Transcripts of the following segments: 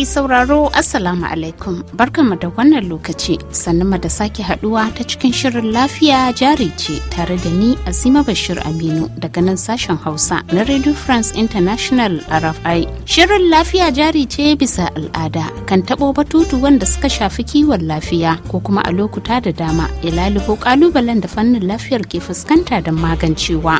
mai sauraro Assalamu alaikum barkanmu da wannan lokaci sannan da sake haduwa ta cikin shirin lafiya jari ce tare da ni Azima Bashir Aminu daga nan sashen Hausa na Radio France International RFI. Shirin lafiya jari ce bisa al'ada kan tabo batutu wanda suka shafi kiwon lafiya ko kuma a lokuta da dama ya ko kalubalen da fannin lafiyar ke fuskanta da magancewa.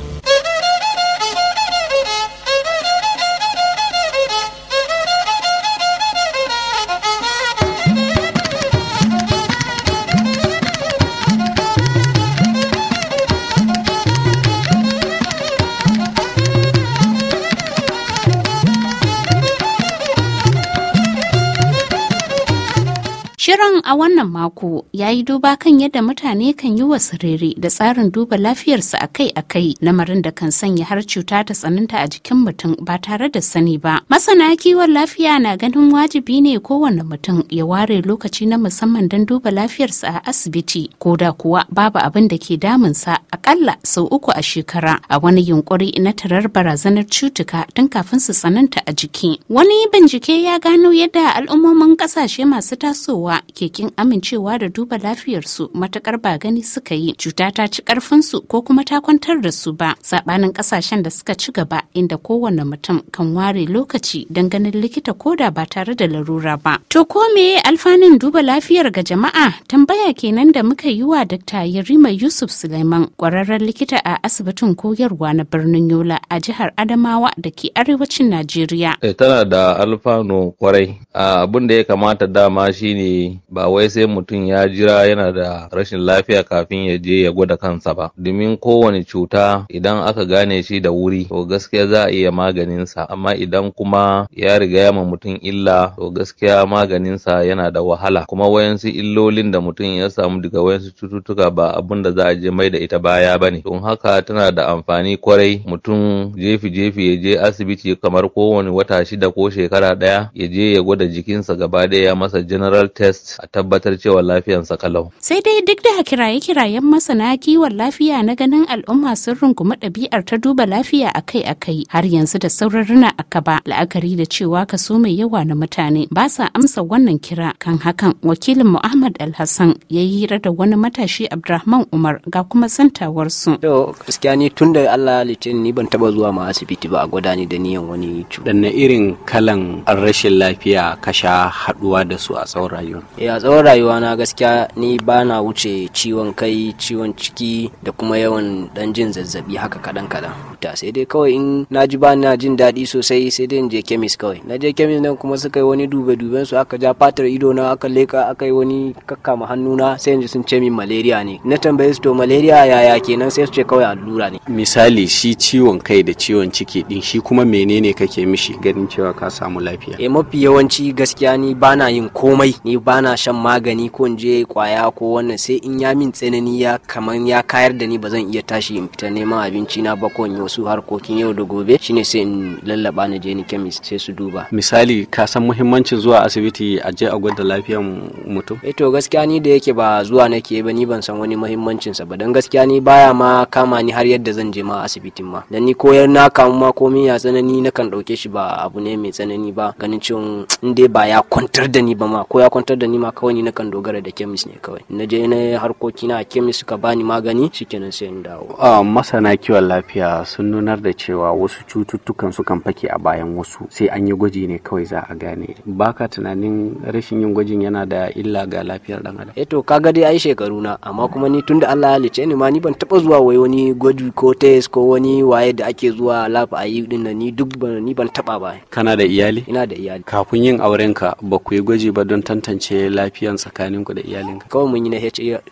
Shirin a wannan mako ya yi duba kan yadda mutane kan yi wa wasirere da tsarin duba lafiyarsu akai-akai lamarin da kan sanya har cuta ta tsananta a jikin mutum ba tare da sani ba. Masana kiwon lafiya na ganin wajibi ne kowane mutum ya ware lokaci na musamman don duba lafiyarsa a asibiti ko da kuwa babu abin da ke damunsa akalla sau uku a shekara a wani yunkuri na tarar barazanar cutuka tun kafin su tsananta a jiki. Wani bincike ya gano yadda al'ummomin kasashe masu tasowa ke kin amincewa da duba lafiyarsu matakar ba gani suka yi cuta ta ci karfinsu ko kuma ta kwantar da su ba sabanin kasashen da suka ci gaba inda kowane mutum kan ware lokaci don ganin likita ko da ba tare da larura ba. To ko me alfanun duba lafiyar ga jama'a tambaya kenan da muka yi wa Dr. Yarima Yusuf Suleiman kwararren likita a asibitin koyarwa na birnin Yola a jihar Adamawa da ke arewacin Najeriya. E, tana da alfano kwarai. Abin da ya kamata dama shine ba wai sai mutum ya jira yana da rashin lafiya kafin ya je ya gwada kansa ba. Domin kowane cuta idan aka gane shi da wuri to gaskiya za a iya maganinsa amma idan kuma ya riga ya ma mutum illa to gaskiya maganinsa yana da wahala kuma wayansu illolin da mutum ya samu daga wayansu cututtuka ba abin da za a je mai da ita baya. baya ba ne. Don haka tana da amfani kwarai mutum jefi-jefi ya je asibiti kamar kowane wata shida ko shekara ɗaya ya je ya gwada jikinsa gaba ɗaya masa general test a tabbatar cewa lafiyansa kalau. Sai dai duk da kiraye-kirayen masana kiwon lafiya na ganin al'umma sun rungumi ɗabi'ar ta duba lafiya akai-akai har yanzu da sauran runa aka ba la'akari da cewa kaso mai yawa na mutane ba sa amsa wannan kira kan hakan wakilin Muhammad Alhassan ya yi hira da wani matashi Abdulrahman Umar ga kuma santa kulawarsu. To gaskiya ni tun da Allah litin ni ban taba zuwa ma asibiti ba a gwada ni da niyan wani cuta. na irin kalan rashin lafiya ka sha haduwa da su a tsawon rayuwa. Eh a tsawon rayuwa na gaskiya ni ba na wuce ciwon kai, ciwon ciki da kuma yawan dan jin zazzabi haka kadan kadan. Ta sai dai kawai in na ji ba na jin daɗi sosai sai dai in je kemis kawai. Na je kemis nan kuma suka yi wani dube duben su aka ja fatar ido na aka leka aka yi wani kakkama hannuna sai yanzu sun ce min malaria ne. Na tambaye su to malaria yaya kenan sai su ce kawai allura ne misali shi ciwon kai da ciwon ciki din shi kuma menene kake mishi ganin cewa ka samu lafiya eh mafi yawanci gaskiya ni bana yin komai ni bana shan magani ko in je kwaya ko wannan sai in ya min tsanani ya kamar ya kayar da ni ba zan iya tashi in fita neman abinci na ba ko in yi wasu harkokin yau da gobe shine sai in lallaba na je ni kemis sai su duba misali ka san muhimmancin zuwa asibiti a je a gwada lafiyar mutum eh to gaskiya ni da yake ba zuwa nake ba ni ban san wani muhimmancin sa ba dan gaskiya ni ba baya ma kama ni har yadda zan je ma asibitin ma dan ni koyar na kamu ma komai ya tsanani na kan dauke shi ba abu ne mai tsanani ba ganin cewa in dai ba ya kwantar da ni ba ma ko ya kwantar da ni ma kawai ni na kan dogara da kemis ne kawai na je na harkoki na kemis suka bani magani shikenan sai in dawo masana kiwon lafiya sun nunar da cewa wasu cututtukan su kan fake a bayan wasu sai an yi gwaji ne kawai za a gane baka tunanin rashin yin gwajin yana da illa ga lafiyar dan adam eh to kaga dai ai shekaru na amma kuma ni tunda Allah ya halice ni ma ni ban taba zuwa wai wani gwaji ko test ko wani waye da ake zuwa lab a yi din ni duk ban ni ban taba ba kana da iyali ina da iyali kafin yin auren ka ba ku yi gwaji ba don tantance lafiyan tsakanin ku da ka kawai mun yi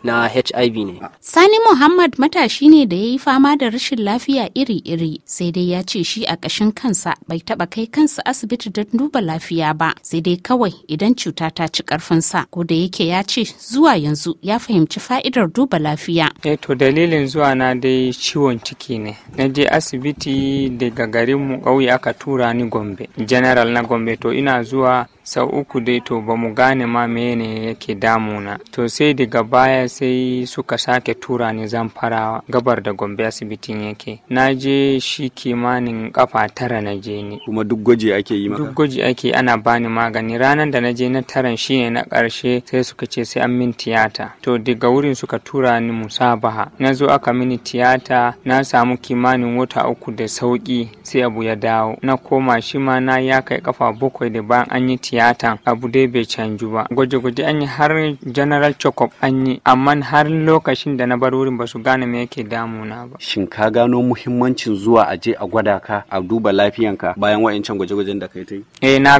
na HIV ne Sani Muhammad matashi ne da yayi fama da rashin lafiya iri-iri sai dai ya ce shi a kashin kansa bai taba kai kansa asibiti don duba lafiya ba sai dai kawai idan cuta ta ci karfin sa ko da yake ya ce zuwa yanzu ya fahimci fa'idar duba lafiya eh to dalilin dalilin zuwa na dai ciwon ciki ne na je asibiti daga garinmu ƙauye aka tura ni gombe general na gombe to ina zuwa sau uku dai to ba mu gane ma mene yake damuna to sai daga baya sai suka sake tura ni zan zamfara gabar da gombe asibitin yake na je shi kimanin kafa tara na je ni kuma duk gwaji ake yi maka duk gwaji ake ana bani magani ranar da na je na taran shine na karshe sai suka ce sai an min tiyata to daga wurin suka tura ni musabaha na zo aka mini tiyata na samu kimanin wata uku da sauki sai abu ya dawo na koma shi ma na ya kai kafa bakwai da bayan an yi tiyata tiyatan abu dai bai canju ba gwaje-gwaje an yi har general chokop anyi. an yi amma har lokacin da na bar wurin ba su gane me yake damuna ba shin ka gano muhimmancin zuwa a je a gwada ka a duba lafiyanka bayan wa'ancan gwaje-gwajen da kai ta yi eh na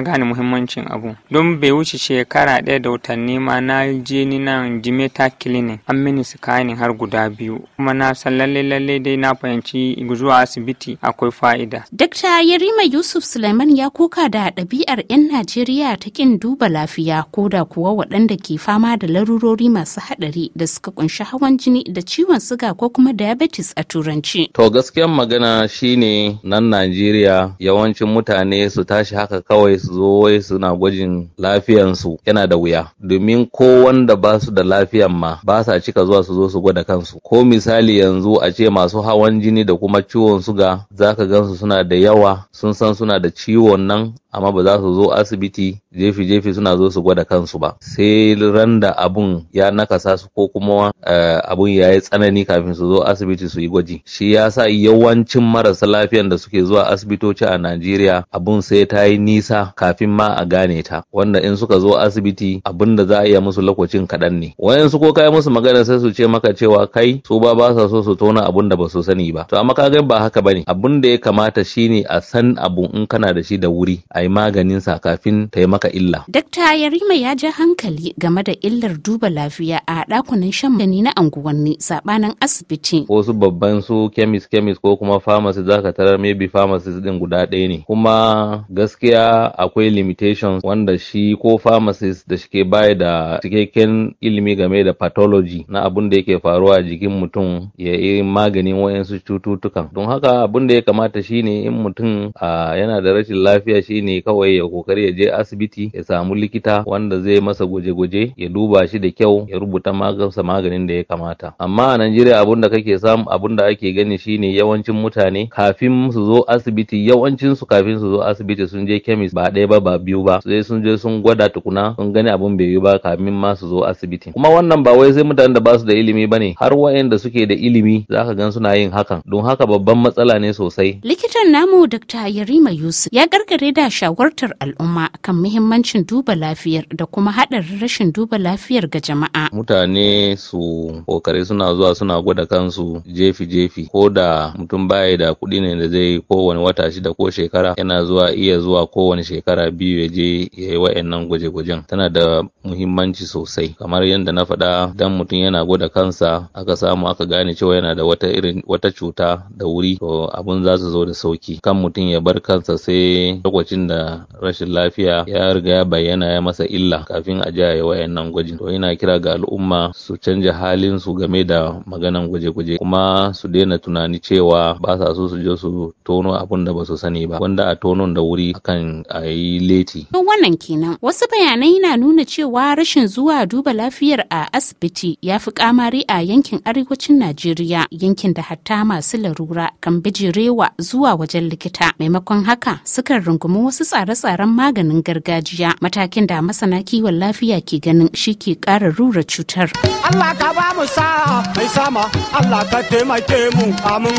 gane muhimmancin abu don bai wuce shekara ɗaya da watanni ma na je ni nan jimeta clinic an mini scanning har guda biyu kuma na san lalle lalle dai na fahimci zuwa asibiti akwai fa'ida dakta yarima yusuf suleiman ya koka da ɗabi'ar 'yan Najeriya ta kin duba lafiya ko da kuwa waɗanda ke fama da larurori masu haɗari da suka kunshi hawan jini da ciwon suga ko kuma diabetes a turanci. To gaskiyan magana shine nan Najeriya yawancin mutane su tashi haka kawai su zo wai suna gwajin lafiyansu yana da wuya. Domin ko wanda ba su da lafiyan ma ba sa cika zuwa su zo su gwada kansu. Ko misali yanzu a ce masu hawan jini da kuma ciwon suga zaka gansu suna da yawa sun san suna da ciwon nan amma ba za su zo asibiti jefi-jefi suna zo su gwada kansu ba sai randa abun ya nakasa su ko kuma eh, abun ya yi tsanani kafin su zo asibiti su yi gwaji shi ya sa yawancin marasa lafiyan da suke zuwa asibitoci a najeriya abun sai ta yi nisa kafin ma a gane ta wanda in suka zo asibiti abun da za a iya musu lokacin kaɗan ne wayansu ko kai musu magana sai su ce maka cewa kai su ba ba sa so su tona abun da ba su sani ba to amma ka ga ba haka bane abun da ya kamata shine a san abu in kana da shi da wuri a yi maganin sa kafin ta yi maka illa. Dakta Yarima ya ji hankali game da illar duba lafiya a ɗakunan shan magani na anguwanni sabanin asibiti. Wasu babban su kemis kemis ko kuma za ka tarar maybe pharmacist din guda ɗaya ne. Kuma gaskiya akwai limitations wanda shi ko pharmacist da shi ke baya da cikakken ilimi game da pathology na abun da yake faruwa a jikin mutum ya yi maganin wayansu cututtukan. Don haka abun da ya kamata shine in mutum yana da rashin lafiya shine kawai ya kokari kokari ya je asibiti ya samu likita wanda zai masa gwaje-gwaje ya duba shi da kyau ya rubuta magansa maganin da ya kamata amma a Najeriya abun da kake samu abun da ake gani shine yawancin mutane kafin su zo asibiti yawancin su kafin su zo asibiti sun je kemis ba ɗaya ba ba biyu ba sai sun je sun gwada tukuna sun gani abun bai yi ba kafin ma su zo asibiti kuma wannan ba wai sai mutanen da ba su da ilimi ba ne har wayanda suke da ilimi zaka gan suna yin hakan don haka babban matsala ne sosai likitan namu Dr. Yarima Yusuf ya gargare da shawartar al'umma al'umma kan muhimmancin duba lafiyar da kuma haɗarin rashin duba lafiyar ga jama'a. Mutane su kokari suna zuwa suna gwada kansu jefi-jefi ko da mutum baya da kuɗi ne da zai kowane wata shida ko shekara yana zuwa iya zuwa kowane shekara biyu ya je ya yi wa'annan gwaje-gwajen tana da muhimmanci sosai kamar yadda na faɗa dan mutum yana gwada kansa aka samu aka gane cewa yana da wata irin wata cuta da wuri to abun za su zo da sauki kan mutum ya bar kansa sai lokacin da rashin lafiya ya riga ya bayyana ya masa illa kafin a jaya ya wayannan gwajin to ina kira ga al'umma su canja halin su game da maganan gwaje-gwaje kuma su daina tunani cewa ba sa so su je su tono abin da ba su sani ba wanda a tonon da wuri akan a yi leti. To wannan kenan wasu bayanai na nuna cewa rashin zuwa duba lafiyar a asibiti ya fi kamari a yankin arewacin Najeriya yankin da hatta masu larura kan bijirewa zuwa wajen likita maimakon haka sukan rungumi wasu tsare-tsaren maganin gargajiya matakin da masana kiwon lafiya ke ganin shi ke ƙara rura cutar. Allah ka ba mu sa'a mai sama Allah ka taimake mu amin.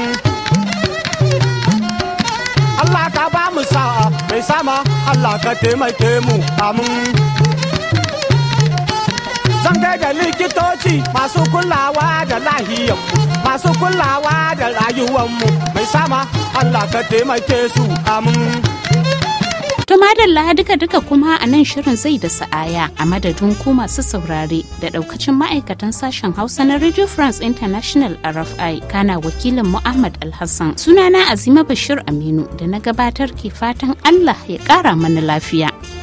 Allah ka ba mu sa'a mai sama Allah ka taimake mu amin. Zan da likitoci masu kulawa da lahiyar masu kulawa da rayuwar mu mai sama Allah ka taimake su amin. To madalla duka-duka kuma a nan shirin zai da sa'aya a madadin ku masu saurare da daukacin ma'aikatan sashen Hausa na Radio France International RFI kana wakilin Muhammad Alhassan. Sunana Azima Bashir Aminu da na gabatar ke fatan Allah ya kara mana lafiya.